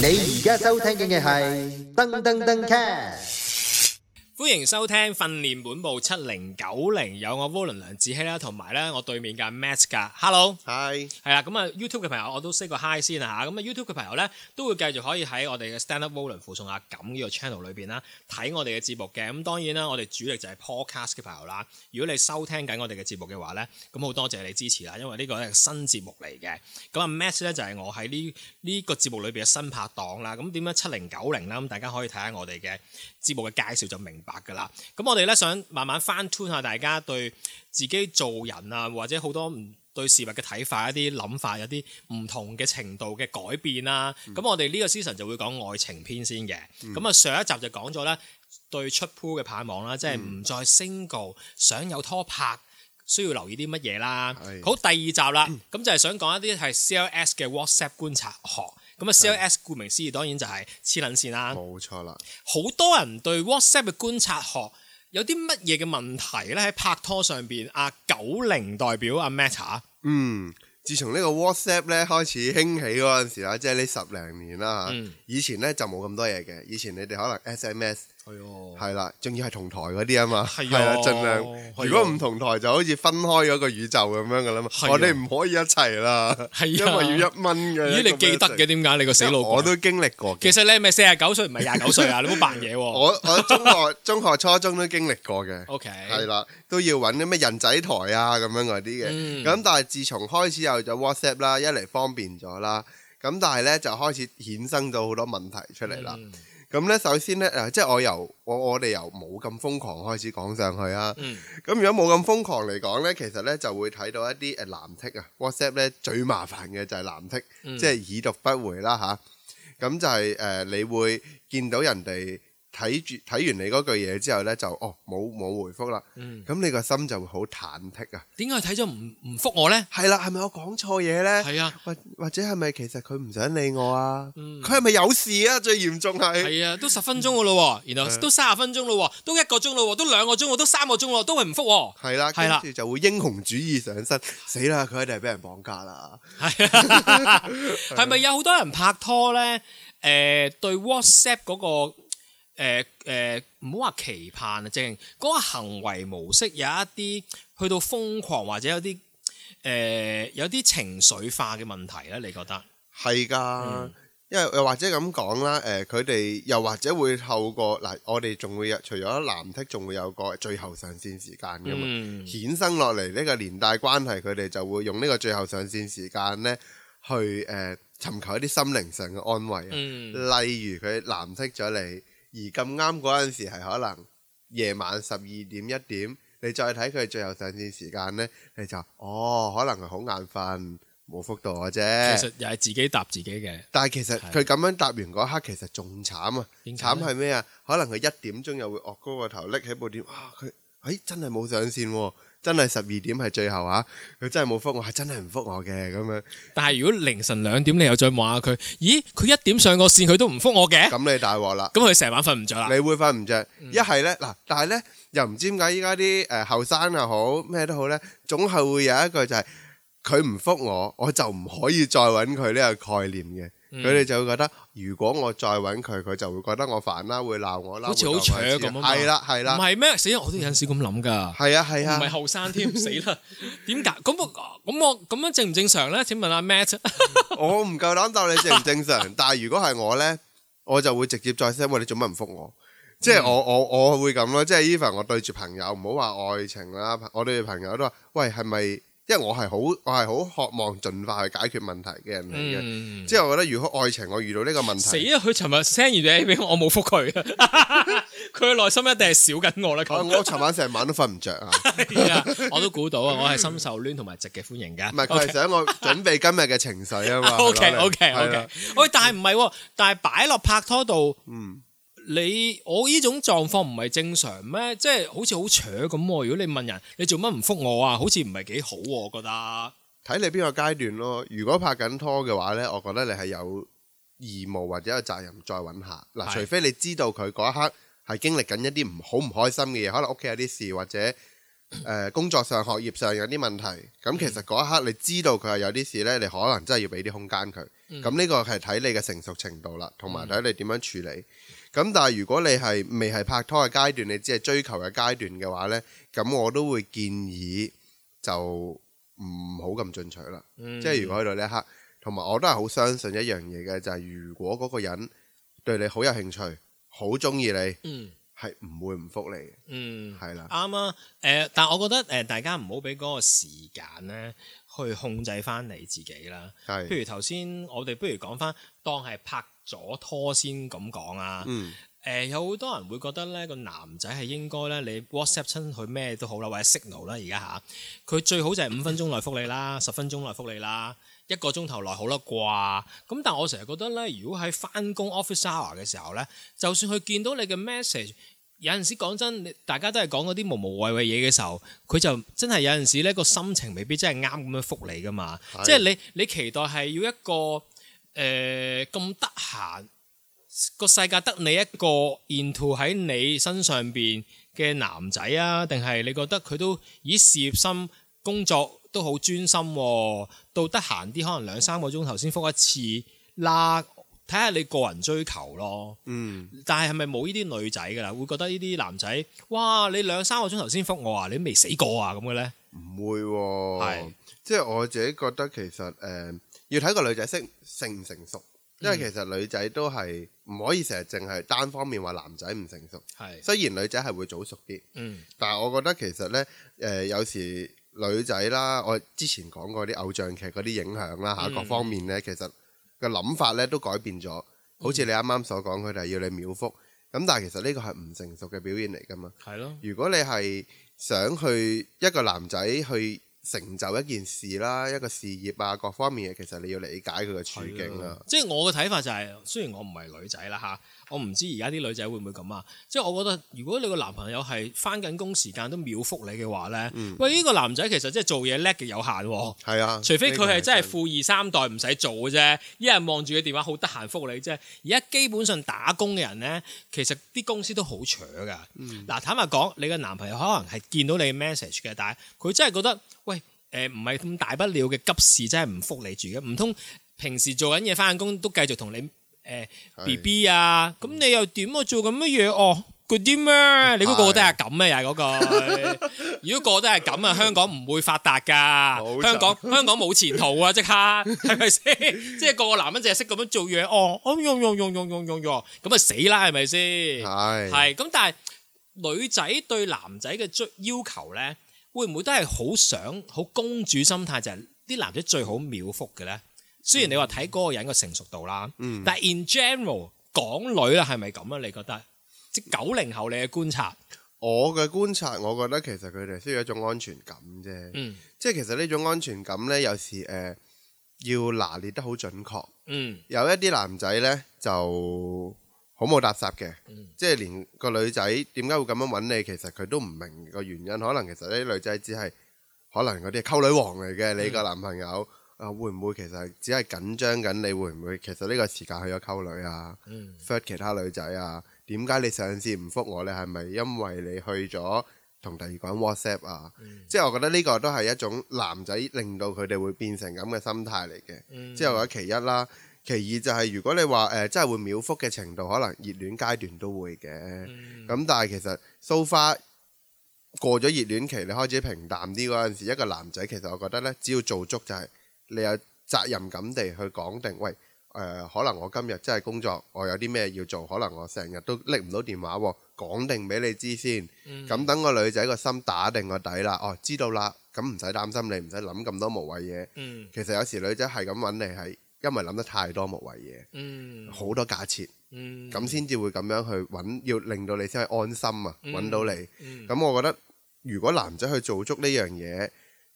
你而家收聽嘅係噔噔噔 cast 歡迎收聽訓練本部七零九零，有我 Volun 梁智希啦，同埋咧我對面嘅 Matt 噶，Hello，係 Hi.，係啦，咁啊 YouTube 嘅朋友我都 say 個 Hi 先啊，咁啊 YouTube 嘅朋友咧都會繼續可以喺我哋嘅 Stand Up Volun 附送下咁呢個 channel 裏邊啦，睇我哋嘅節目嘅，咁當然啦，我哋主力就係 Podcast 嘅朋友啦，如果你收聽緊我哋嘅節目嘅話咧，咁好多謝你支持啦，因為呢個係新節目嚟嘅，咁啊 Matt 咧就係我喺呢呢個節目裏邊嘅新拍檔啦，咁點樣七零九零啦，咁大家可以睇下我哋嘅。節目嘅介紹就明白㗎啦，咁我哋咧想慢慢 fine tune 下大家對自己做人啊，或者好多唔對事物嘅睇法、一啲諗法、有啲唔同嘅程度嘅改變啦、啊。咁、嗯、我哋呢個 season 就會講愛情篇先嘅，咁啊、嗯、上一集就講咗咧對出 pool 嘅盼望啦、啊，即係唔再 single，想有拖拍需要留意啲乜嘢啦。的好，第二集啦，咁、嗯、就係想講一啲係 C L S 嘅 WhatsApp 觀察學。咁啊 CLS 顧名思義，當然就係黐撚線啦。冇錯啦。好多人對 WhatsApp 嘅觀察學有啲乜嘢嘅問題咧？喺拍拖上邊，阿九零代表阿 Meta。啊 Matt，啊、嗯，自從呢個 WhatsApp 咧開始興起嗰陣時啦，即係呢十零年啦嚇。嗯、以前咧就冇咁多嘢嘅，以前你哋可能 SMS。係哦，係啦，仲要係同台嗰啲啊嘛，係啦，盡量如果唔同台就好似分開咗個宇宙咁樣噶啦嘛，我哋唔可以一齊啦，係因為要一蚊嘅。咦，你記得嘅？點解你個死佬，我都經歷過。其實你係咪四十九歲唔係廿九歲啊？你好扮嘢喎。我我中學中學初中都經歷過嘅，OK，係啦，都要搵啲咩人仔台啊咁樣嗰啲嘅，咁但係自從開始有咗 WhatsApp 啦，一嚟方便咗啦，咁但係咧就開始衍生咗好多問題出嚟啦。咁咧，首先咧，誒，即係我由我我哋由冇咁瘋狂開始講上去啊。咁、嗯、如果冇咁瘋狂嚟講咧，其實咧就會睇到一啲、呃、藍剔啊，WhatsApp 咧最麻煩嘅就係藍剔，嗯、即係已讀不回啦吓，咁就係、係、誒、呃，你會見到人哋。睇住睇完你嗰句嘢之後咧，就哦冇冇回覆啦。咁、嗯、你個心就會好忐忑啊。點解睇咗唔唔覆我咧？係啦，係咪我講錯嘢咧？係啊，或是、啊、或者係咪其實佢唔想理我啊？佢係咪有事啊？最嚴重係係啊，都十分鐘噶咯、啊，然後都三十分鐘咯、啊，都一個鐘咯、啊，都兩個鐘，我都三個鐘，都係唔覆。係啦、啊，係啦，就會英雄主義上身，死啦！佢一定係俾人綁架啦。係咪、啊、有好多人拍拖咧？誒、 呃，對 WhatsApp 嗰個。誒誒，唔好話期盼啊！正嗰個行為模式有一啲去到瘋狂，或者有啲誒、呃、有啲情緒化嘅問題咧，你覺得係㗎？的嗯、因為又或者咁講啦，誒佢哋又或者會透過嗱、呃，我哋仲會除咗藍剔，仲會有個最後上線時間嘅嘛，嗯、衍生落嚟呢個連帶關係，佢哋就會用呢個最後上線時間咧，去誒、呃、尋求一啲心靈上嘅安慰，嗯、例如佢藍剔咗你。而咁啱嗰陣時係可能夜晚十二點一點，你再睇佢最後上線時間呢，你就哦，可能佢好眼瞓冇覆到我啫。其實又係自己答自己嘅。但係其實佢咁樣答完嗰刻，其實仲慘啊！慘係咩啊？可能佢一點鐘又會惡高個頭拎起部電話，佢、啊、誒真係冇上線喎、啊。真係十二點係最後啊。佢真係冇覆我，係真係唔覆我嘅咁樣。但係如果凌晨兩點你又再望下佢，咦？佢一點上個線佢都唔覆我嘅，咁你大鑊啦！咁佢成晚瞓唔着啦，你會瞓唔着。一係、嗯、呢，嗱，但係呢，又唔知點解依家啲誒後生又好咩都好呢，總係會有一個就係佢唔覆我，我就唔可以再揾佢呢個概念嘅。佢哋就會覺得，如果我再揾佢，佢就會覺得我煩啦，會鬧我啦。好似好扯咁啊！係啦，係啦，唔係咩？死啦！我都有陣時咁諗噶。係啊，係啊，唔係後生添，死啦！點解咁？咁我咁樣正唔正常咧？請問阿 Matt，我唔夠膽逗你正唔正常，但係如果係我咧，我就會直接再 send，喂你做乜唔覆我？即係我我我會咁咯。即係 even 我對住朋友，唔好話愛情啦，我對住朋友都話：喂，係咪？因為我係好，我係好渴望盡快去解決問題嘅人嚟嘅。之後、嗯、我覺得，如果愛情我遇到呢個問題，死啊！佢尋日 send 完 e 我冇復佢。佢 內心一定係少緊我啦。 我我尋晚成晚都瞓唔着。 啊！我都估到啊，我係深受攣同埋直嘅歡迎嘅。唔係， 係想我準備今日嘅情緒 啊嘛。OK OK OK。喂、啊，但係唔係？但係擺落拍拖度，嗯。你我呢種狀況唔係正常咩？即係好似好扯咁。如果你問人，你做乜唔覆我啊？好似唔係幾好，我覺得。睇你邊個階段咯。如果拍緊拖嘅話呢，我覺得你係有義務或者有責任再揾下。嗱的，除非你知道佢嗰一刻係經歷緊一啲唔好唔開心嘅嘢，可能屋企有啲事或者。呃、工作上、學業上有啲問題，咁其實嗰一刻你知道佢係有啲事呢，嗯、你可能真係要俾啲空間佢。咁呢、嗯、個係睇你嘅成熟程度啦，同埋睇你點樣處理。咁、嗯、但係如果你係未係拍拖嘅階段，你只係追求嘅階段嘅話呢，咁我都會建議就唔好咁進取啦。嗯、即係如果去到呢一刻，同埋我都係好相信一樣嘢嘅，就係、是、如果嗰個人對你好有興趣，好中意你。嗯係唔會唔復你，嗯，係啦的，啱啊，誒，但係我覺得誒，大家唔好俾嗰個時間咧去控制翻你自己啦，係的。譬如頭先我哋不如講翻當係拍咗拖先咁講啊，嗯，呃、有好多人會覺得咧個男仔係應該咧你 WhatsApp 親佢咩都好啦，或者 signal 啦，而家吓佢最好就係五分鐘內復你啦，十 分鐘內復你啦。一個鐘頭內好啦啩，咁但我成日覺得呢，如果喺返工 office hour 嘅時候呢，就算佢見到你嘅 message，有陣時講真，大家都係講嗰啲無無謂謂嘢嘅時候，佢就真係有陣時呢個心情未必真係啱咁樣覆你㗎嘛。即係你你期待係要一個誒咁得閒個世界得你一個沿途喺你身上邊嘅男仔啊，定係你覺得佢都以事業心工作？都好專心、哦，到得閒啲可能兩三個鐘頭先覆一次啦。睇下你個人追求咯。嗯。但係係咪冇呢啲女仔㗎啦？會覺得呢啲男仔，哇！你兩三個鐘頭先覆我啊，你未死過啊咁嘅咧？唔會喎、哦。係是，即係我自己覺得其實誒、呃，要睇個女仔成成唔成熟。嗯、因為其實女仔都係唔可以成日淨係單方面話男仔唔成熟。係是。雖然女仔係會早熟啲。嗯。但係我覺得其實咧，誒、呃、有時。女仔啦，我之前講過啲偶像劇嗰啲影響啦嚇，嗯、各方面呢，其實嘅諗法呢都改變咗。嗯、好似你啱啱所講，佢哋要你秒覆，咁但係其實呢個係唔成熟嘅表現嚟㗎嘛。係咯。如果你係想去一個男仔去成就一件事啦，一個事業啊，各方面嘅，其實你要理解佢嘅處境啊。即係我嘅睇法就係、是，雖然我唔係女仔啦吓。我唔知而家啲女仔會唔會咁啊！即係我覺得，如果你個男朋友係翻緊工時間都秒復你嘅話咧，嗯、喂，呢個男仔其實即係做嘢叻極有限喎。係啊，啊除非佢係真係富二三代唔使做嘅啫，啊、一日望住個電話好得閒復你啫。即係而家基本上打工嘅人咧，其實啲公司都好扯㗎。嗱、嗯啊，坦白講，你嘅男朋友可能係見到你嘅 message 嘅，但係佢真係覺得，喂，誒、呃，唔係咁大不了嘅急事，真係唔復你住嘅，唔通平時做緊嘢翻緊工都繼續同你。誒，B B 啊，咁你又點啊？做咁乜嘢哦？佢啲咩？你個個都係咁咩？又係嗰個？如果個個都係咁啊，香港唔會發達噶。 香港香港冇前途啊！即刻係咪先？即係個個男人淨係識咁樣做嘢哦，用用咁啊死啦！係咪先？係係咁，但係女仔對男仔嘅追要求咧，會唔會都係好想好公主心態，就係啲男仔最好秒福嘅咧？雖然你話睇嗰個人嘅成熟度啦，嗯、但係 in general 港女咧係咪咁啊？你覺得即九零後你嘅觀察？我嘅觀察，我覺得其實佢哋需要一種安全感啫。嗯，即係其實呢種安全感呢，有時誒要拿捏得好準確。嗯，有一啲男仔呢，就好冇搭霎嘅，即係連個女仔點解會咁樣揾你，其實佢都唔明個原因。可能其實呢啲女仔只係可能嗰啲係溝女王嚟嘅，嗯、你個男朋友。啊，會唔會其實只係緊張緊？你會唔會其實呢個時間去咗溝女啊，fell、嗯、其他女仔啊？點解你上次唔覆我咧？係咪因為你去咗同第二個人 WhatsApp 啊？嗯、即係我覺得呢個都係一種男仔令到佢哋會變成咁嘅心態嚟嘅。嗯、即係我覺得其一啦，其二就係如果你話誒、呃、真係會秒覆嘅程度，可能熱戀階段都會嘅咁。嗯嗯、但係其實 so far 過咗熱戀期，你開始平淡啲嗰陣時，一個男仔其實我覺得呢，只要做足就係、是。你有責任感地去講定，喂，誒、呃，可能我今日真係工作，我有啲咩要做，可能我成日都拎唔到電話喎，講定俾你知先，咁、嗯、等個女仔個心打定個底啦，哦，知道啦，咁唔使擔心你，你唔使諗咁多無謂嘢。嗯、其實有時女仔係咁揾你係，因為諗得太多無謂嘢，好、嗯、多假設，咁先至會咁樣去揾，要令到你先係安心啊，揾、嗯、到你。咁、嗯嗯嗯嗯、我覺得，如果男仔去做足呢樣嘢，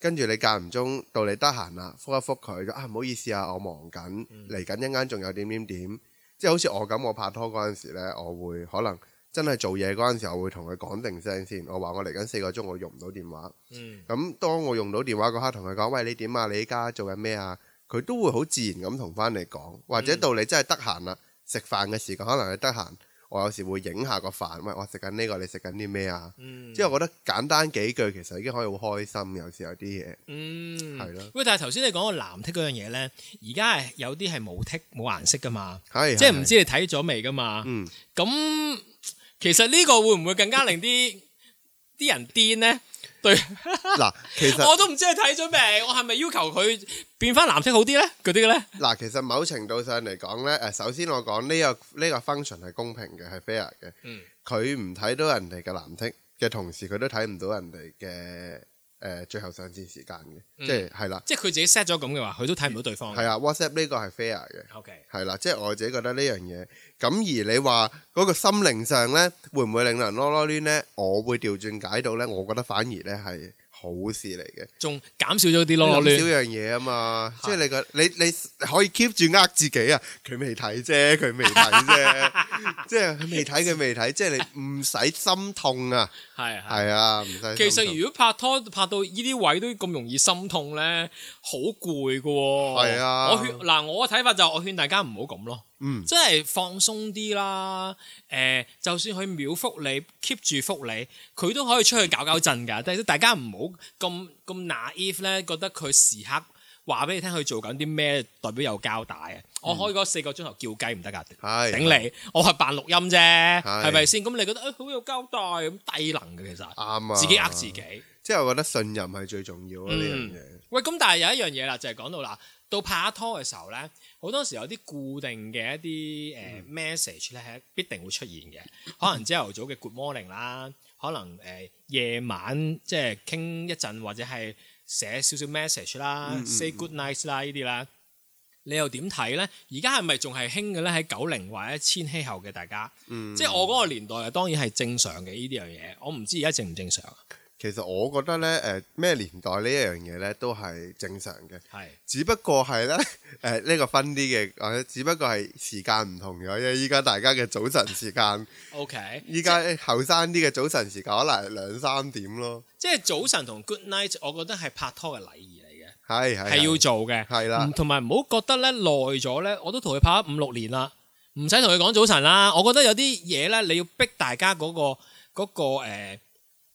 跟住你間唔中到你得閒啦，覆一覆佢就話，啊，唔好意思啊，我忙緊嚟緊一間，仲有點點點，即係好似我咁，我拍拖嗰陣時呢，我會可能真係做嘢嗰陣時候會同佢講定聲先，我話我嚟緊四個鐘，我用唔到電話。咁、嗯、當我用到電話嗰刻同佢講，喂，你點啊？你依家做緊咩啊？佢都會好自然咁同翻你講，或者到你真係得閒啦，食、嗯、飯嘅時間可能你得閒。我有時會影下個飯，喂，我食緊呢個，你食緊啲咩啊？嗯，即係我覺得簡單幾句其實已經可以好開心。有時有啲嘢，嗯，係咯是的。喂，但係頭先你講個藍剔嗰樣嘢咧，而家係有啲係冇剔冇顏色㗎嘛，係，即係唔知你睇咗未㗎嘛。嗯，咁其實呢個會唔會更加令啲啲 人癲咧？嗱， 其實我都唔知你睇咗未。 我係咪要求佢變翻藍色好啲咧？啲嘅咧，嗱，其實某程度上嚟講咧，誒，首先我講呢個呢個 function 係公平嘅，係 fair 嘅，嗯，佢唔睇到人哋嘅藍剔嘅同時，佢都睇唔到人哋嘅。誒，最後上線時間嘅，即係係啦。即係佢自己 set 咗咁嘅話，佢都睇唔到對方。係啊，WhatsApp 呢個係 fair 嘅。OK，係啦，即係我自己覺得呢樣嘢。咁而你話嗰個心靈上咧，會唔會令人囉囉攣咧？我會調轉解到咧，我覺得反而咧係好事嚟嘅，仲減少咗啲囉囉攣少樣嘢啊嘛。即係你個你你可以 keep 住呃自己啊，佢未睇啫，佢未睇啫，即係佢未睇佢未睇，即係你唔使心痛啊。係啊，啊其實如果拍拖拍到呢啲位都咁容易心痛咧，好攰㗎喎。係、啊、我勸嗱，我嘅睇法就我勸大家唔好咁咯。即、嗯、真係放鬆啲啦。誒、呃，就算佢秒覆你，keep 住覆你，佢都可以出去搞搞震㗎。但係 大家唔好咁咁 naive 咧，覺得佢時刻。話俾你聽，佢做緊啲咩？代表有交代啊！嗯、我開嗰四個鐘頭叫雞唔得噶，是頂你！啊、我係扮錄音啫，係咪先？咁你覺得誒好、哎、有交代咁低能嘅其實，啱啊！自己呃自己，即係、啊就是、我覺得信任係最重要呢樣嘢。嗯、喂，咁但係有一樣嘢啦，就係、是、講到啦，到拍拖嘅時候咧，好多時候有啲固定嘅一啲誒、呃嗯、message 咧，必定會出現嘅。可能朝頭早嘅 good morning 啦， 可能誒、呃、夜晚即係傾一陣或者係。寫少少 message 啦、mm hmm.，say good nights 啦，呢啲啦，你又點睇咧？而家係咪仲係興嘅咧？喺九零或者千禧後嘅大家，mm hmm. 即係我嗰個年代啊，當然係正常嘅呢啲樣嘢。我唔知而家正唔正常。其實我覺得咧，誒、呃、咩年代呢一樣嘢咧都係正常嘅。係是、呃這個呃，只不過係咧，誒呢個分啲嘅，或者只不過係時間唔同咗，因為依家大家嘅早晨時間 ，OK，依家後生啲嘅早晨時間可能係兩三點咯。即係早晨同 Good Night，我覺得係拍拖嘅禮儀嚟嘅係係係要做嘅，係啦的。同埋唔好覺得咧，耐咗咧，我都同佢拍咗五六年啦，唔使同佢講早晨啦。我覺得有啲嘢咧，你要逼大家嗰、嗰個、嗰個誒。嗰個嗰個嗰個嗰個呃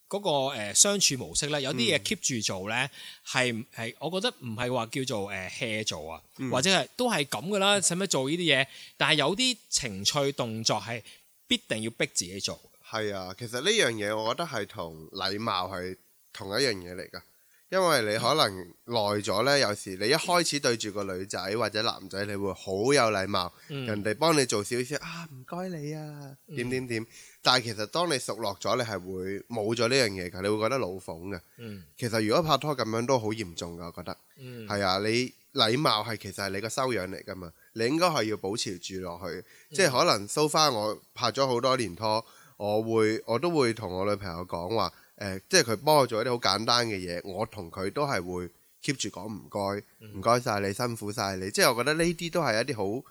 嗰個、那個、誒、相處模式咧，有啲嘢 keep 住做咧，係係，我覺得唔係話叫做誒 hea、呃、做啊，或者係都係咁噶啦，使乜做呢啲嘢？但係有啲情趣動作係必定要逼自己做。係啊，其實呢樣嘢我覺得係同禮貌係同一樣嘢嚟㗎。因為你可能耐咗咧，有時你一開始對住個女仔或者男仔，你會好有禮貌，嗯、人哋幫你做少少啊，唔該你啊，點點點。嗯、但係其實當你熟落咗，你係會冇咗呢樣嘢㗎，你會覺得老奉㗎。嗯、其實如果拍拖咁樣都好嚴重㗎，我覺得。係、嗯、啊，你禮貌係其實係你個修養嚟㗎嘛，你應該係要保持住落去。嗯、即係可能 so far 我拍咗好多年拖，我會我都會同我女朋友講話。誒、呃，即係佢幫我做一啲好簡單嘅嘢，我同佢都係會 keep 住講唔該，唔該晒你辛苦晒你。即係我覺得呢啲都係一啲好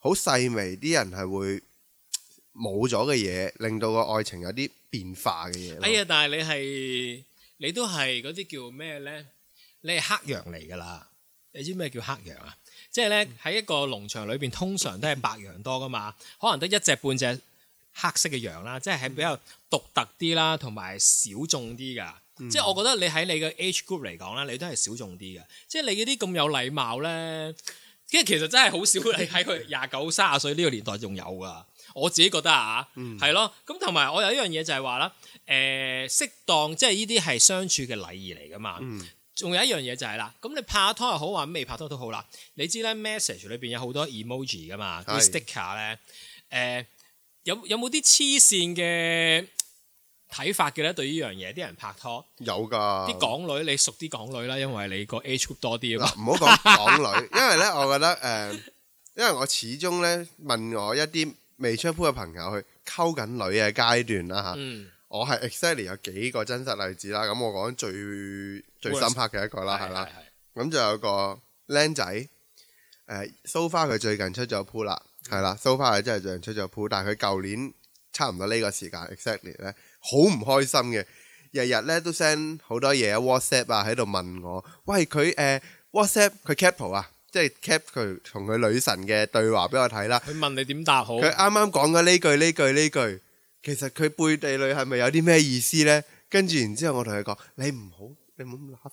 好細微，啲人係會冇咗嘅嘢，令到個愛情有啲變化嘅嘢。哎呀，但係你係你都係嗰啲叫咩呢？你係黑羊嚟㗎啦！你知咩叫黑羊啊？即係呢，喺、嗯、一個農場裏邊，通常都係白羊多㗎嘛，可能得一隻半隻。黑色嘅羊啦，即係係比較獨特啲啦，同埋小眾啲噶。嗯、即係我覺得你喺你嘅 age group 嚟講啦，你都係小眾啲噶。即係你嗰啲咁有禮貌咧，跟其實真係好少喺佢廿九、三十歲呢個年代仲有噶。我自己覺得啊，係、嗯、咯。咁同埋我有一樣嘢就係話啦，誒、呃、適當即係呢啲係相處嘅禮儀嚟噶嘛。仲、嗯、有一樣嘢就係、是、啦，咁你拍拖又好，話未拍拖都好啦。你知咧 message 裏邊有好多 emoji 噶嘛，啲 sticker 咧，誒、啊。呃有有冇啲黐線嘅睇法嘅咧？對呢樣嘢，啲人拍拖有㗎的。啲港女，你熟啲港女啦，因為你個 age group 多啲啊嘛。唔好講港女， 因為咧，我覺得誒、呃，因為我始終咧問我一啲未出鋪嘅朋友去溝緊女嘅階段啦吓，啊嗯、我係 exactly 有幾個真實例子啦。咁我講最最深刻嘅一個啦，係啦 worst.。咁的的就有個僆仔誒，so far 佢最近出咗鋪啦。係啦 So far 佢真係最近出咗鋪，但係佢舊年差唔多呢個時間，exactly 咧，好唔開心嘅，日日咧都 send 好多嘢啊 WhatsApp 啊喺度問我，喂佢誒、uh, WhatsApp 佢 cap 啊，即係 kept 佢同佢女神嘅對話俾我睇啦。佢問你點答好？佢啱啱講緊呢句呢句呢句，其實佢背地裏係咪有啲咩意思呢？跟住然之後我同佢講，你唔好。你唔好咁乸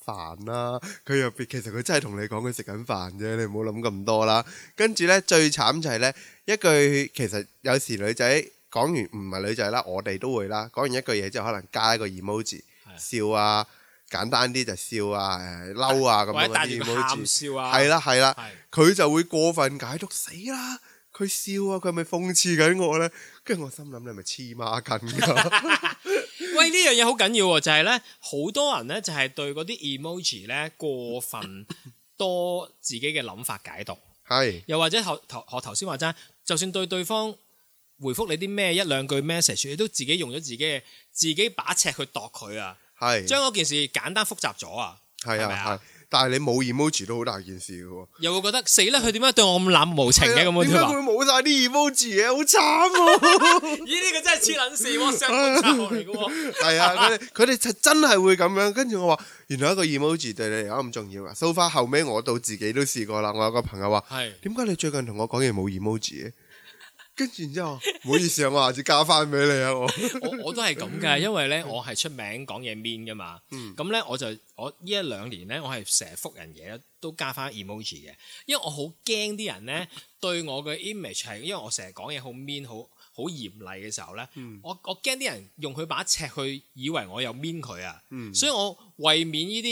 煩啦！佢入邊，其實佢真係同你講佢食緊飯啫，你唔好諗咁多啦。跟住呢最慘就係呢一句，其實有時女仔講完唔係女仔啦，我哋都會啦。講完一句嘢之後，可能加一個 emoji 笑啊，簡單啲就笑啊、嬲啊咁樣嘅嘢。係啦係啦，佢就會過分解讀死啦！佢笑啊，佢係咪諷刺緊我呢？跟住我心諗你係咪黐孖筋？喂，呢樣嘢好緊要，就係咧，好多人咧就係對嗰啲 emoji 咧過分多自己嘅諗法解讀，係， 又或者學頭學頭先話齋，就算對對方回覆你啲咩一兩句 message，你都自己用咗自己嘅自己把尺去度佢啊，係，將嗰件事簡單複雜咗 啊，係咪啊？但係你冇 emoji 都好大件事嘅喎、哦，又會覺得死啦！佢點解對我咁冷無情嘅咁樣？點解會冇晒啲 emoji 嘅？好慘啊！咦，呢個佢真係黐撚事喎，上門殺學嚟嘅喎。係啊，佢哋佢哋真係會咁樣。跟住我話，原來一個 emoji 對你嚟講咁重要啊！So far 後尾我到自己都試過啦。我有個朋友話：係點解你最近同我講嘢冇 emoji 嘅？跟住 然之後，唔好意思啊， 我下次加翻俾你啊，我我都係咁嘅，因為咧 我係出名講嘢 mean 嘅嘛，咁咧、嗯、我就我呢一兩年咧，我係成日覆人嘢都加翻 emoji 嘅，因為我好驚啲人咧對我嘅 image 係，因為我成日講嘢好 mean，好好嚴厲嘅時候咧、嗯，我我驚啲人用佢把尺去以為我又 mean 佢啊，嗯、所以我為免誤呢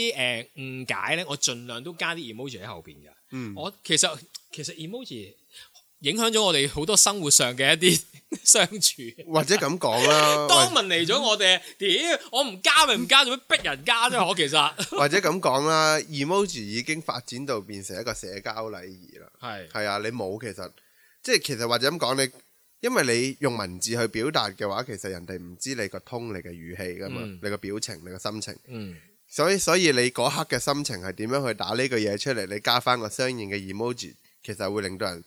啲誒誤解咧，我儘量都加啲 emoji 喺後邊嘅，嗯、我其實其實 emoji。影響咗我哋好多生活上嘅一啲相處，或者咁講啦， 當問嚟咗我哋，嗯、哼我唔加咪唔加，做咩逼人加啫？我其實或者咁講啦，emoji 已經發展到變成一個社交禮儀啦。係係是啊，你冇其實，即係其實或者咁講你，因為你用文字去表達嘅話，其實人哋唔知你個通，嗯、你嘅語氣噶嘛，你個表情，你個心情。嗯、所以所以你嗰刻嘅心情係點樣去打呢個嘢出嚟？你加翻個相應嘅 emoji，其實會令到人。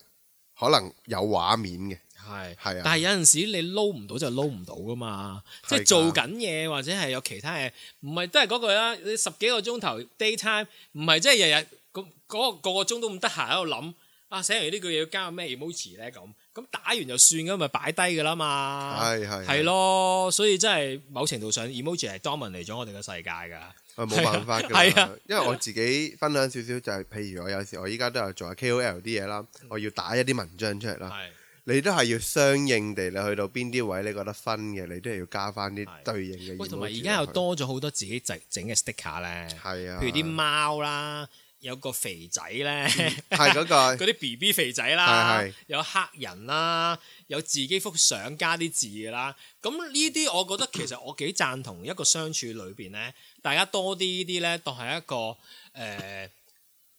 可能有畫面嘅，係係是，啊、但係有陣時你撈唔到就撈唔到噶嘛，的即係做緊嘢或者係有其他嘢，唔係都係嗰句啦。你十幾個鐘頭 daytime，唔係即係日日咁嗰個，個個鐘都唔得閒喺度諗啊，寫完呢句嘢要加咩 emoji 咧咁，咁打完就算咁，咪擺低噶啦嘛，係係係咯，所以真係某程度上 emoji 係 dominate 嚟咗我哋嘅世界㗎。我冇辦法㗎，係啊、係啊、因為我自己分享少少就係、係，譬如我有時我依家都有做下 KOL 啲嘢啦，我要打一啲文章出嚟啦。係啊、你都係要相應地，你去到邊啲位你覺得分嘅，你都係要加翻啲對應嘅、啊。喂，同埋而家又多咗好多自己整嘅 sticker 咧，係啊，譬如啲貓啦。有個肥仔咧，係嗰、嗯 嗰個嗰啲 B B 肥仔啦，係係有黑人啦，有自己幅相加啲字啦。咁呢啲我覺得其實我幾贊同一個相處裏邊咧，大家多啲呢啲咧，當係一個誒、呃、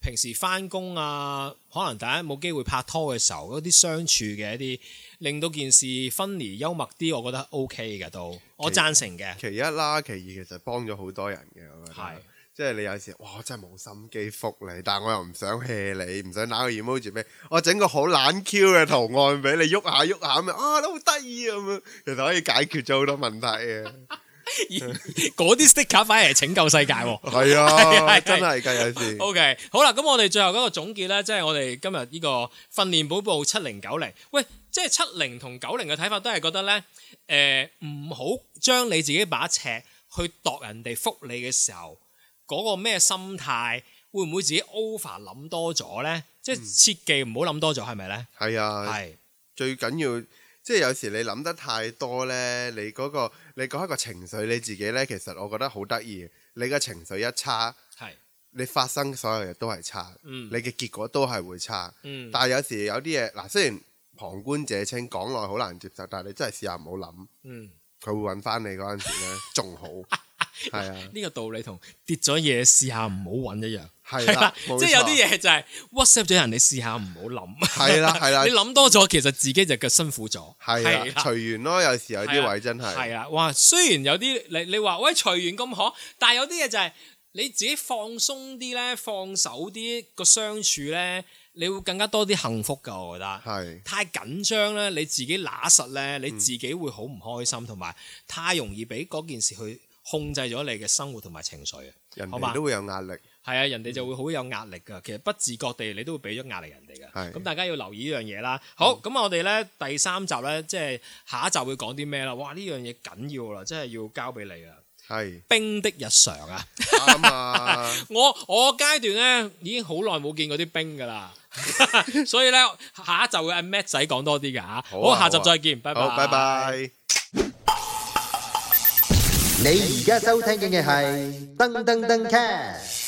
平時翻工啊，可能大家冇機會拍拖嘅時候，嗰啲相處嘅一啲令到件事 funny 幽默啲，我覺得 O K 嘅都，我贊成嘅。其一啦，其二其實幫咗好多人嘅，我覺得係。即係你有時，哇！我真係冇心機覆你，但我又唔想 hea 你，唔想拿個 emoji 住咩？我整個好懶 Q 嘅圖案俾你喐下喐下咁樣，啊都好得意咁樣，其實可以解決咗好多問題嘅。嗰啲 sticker 反而拯救世界，係啊，真係㗎，有時。OK，好啦，咁我哋最後嗰個總結咧，即係我哋今日呢個訓練補報七零九零，喂，即係七零同九零嘅睇法都係覺得咧，誒，唔好將你自己把尺去度人哋覆你嘅時候。嗰個咩心態，會唔會自己 over 諗多咗呢？嗯、即係切記唔好諗多咗，係咪呢？係啊，係是最緊要，即、就、係、是、有時你諗得太多呢，你嗰、那個你嗰一個情緒，你自己呢，其實我覺得好得意。你嘅情緒一差，係是你發生所有嘢都係差，嗯、你嘅結果都係會差，嗯、但係有時有啲嘢嗱，雖然旁觀者清，講來好難接受，但係你真係試下唔、嗯、好諗，佢會揾翻你嗰陣時呢，仲好。係啊，呢個道理同跌咗嘢，試下唔好揾一樣，係即係有啲嘢就係 WhatsApp 咗人，你試下唔好諗，係啦係啦，你諗多咗其實自己就嘅辛苦咗，係啦，隨緣咯，有時有啲位真係係啦，哇，雖然有啲你你話喂隨緣咁可，但係有啲嘢就係你自己放鬆啲咧，放手啲個相處咧，你會更加多啲幸福噶，我覺得太緊張咧，你自己乸實咧，你自己會好唔開心，同埋太容易俾嗰件事去。控制咗你嘅生活同埋情緒啊，好嘛？人哋都會有壓力，係啊，人哋就會好有壓力噶。其實不自覺地，你都會俾咗壓力人哋噶。咁大家要留意呢樣嘢啦。好，咁我哋咧第三集咧，即係下一集會講啲咩啦？哇！呢樣嘢緊要啦，真係要交俾你啊。係。兵的日常啊，啱啊！我我階段咧已經好耐冇見過啲兵噶啦，所以咧下一集會嗌阿 Matt 仔講多啲噶吓。好，下集再見，拜拜。你而家收聽嘅係噔噔噔 cast。